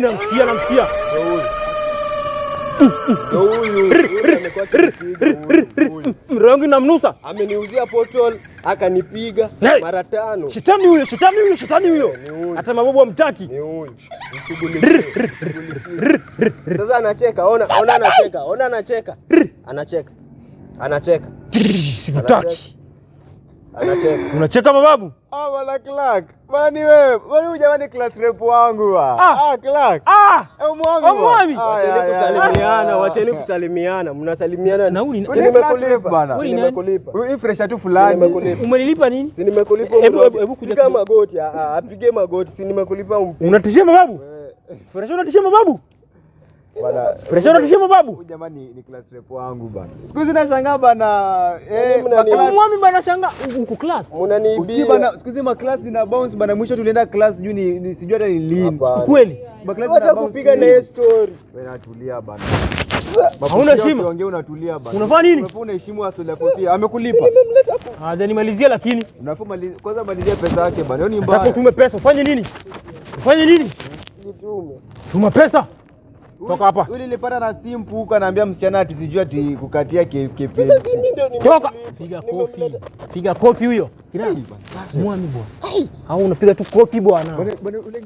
namsikia, namsikia mrangi namnusa, ameniuzia potol, akanipiga mara tano. Shetani huyo, shetani huyo, shetani huyo, hata mababu amtaki. Sasa anacheka, ona, ona, anacheka, ona, anacheka, anacheka, anacheka, sikutaki Anacheka. Unacheka mababu? Ah, bwana Clark. Bani wewe, bani jamani class rep wangu wa. Ah. ah, Clark. Ah. Eh, mwangu. Wacheni kusalimiana, wacheni kusalimiana. Mnasalimiana. Na huyu si nimekulipa bana. Si nimekulipa. Huyu fresh tu fulani. Umenilipa nini? Si nimekulipa. Hebu hebu kuja. Piga magoti. Ah, apige magoti. Si nimekulipa. Unatishia mababu? Fresh unatishia mababu? Bana, pressure unatishia babu. jamani ni class rep wangu bana. Siku hizi nashangaa bana. Eh, yaani mwami bana shangaa huko class. Mnaniibia. Usikie bana, siku hizi ma class zina bounce bana. Mwisho tulienda class juu ni ni sijui hata ni lini. Kweli. Ma class zina bounce. kupiga na story. Wewe natulia bana. Hauna heshima. Unaongea unatulia bana. Unafanya nini? Umefanya unaheshimu asili yako pia. Amekulipa. Ah, then malizia lakini. Unafanya kwanza malizia pesa yake bana. Hiyo ni mbaya. Nataka utume pesa. Ufanye nini? Ufanye nini? Nitume. Tuma pesa. Toka hapa. Yule nilipata na simpu huko anaambia msichana ati sijua ati kukatia KPMC. Sasa mimi ndio nimetoka. Piga kofi. Piga kofi huyo. Muami bwana. Au unapiga tu kofi bwana. Bwana yule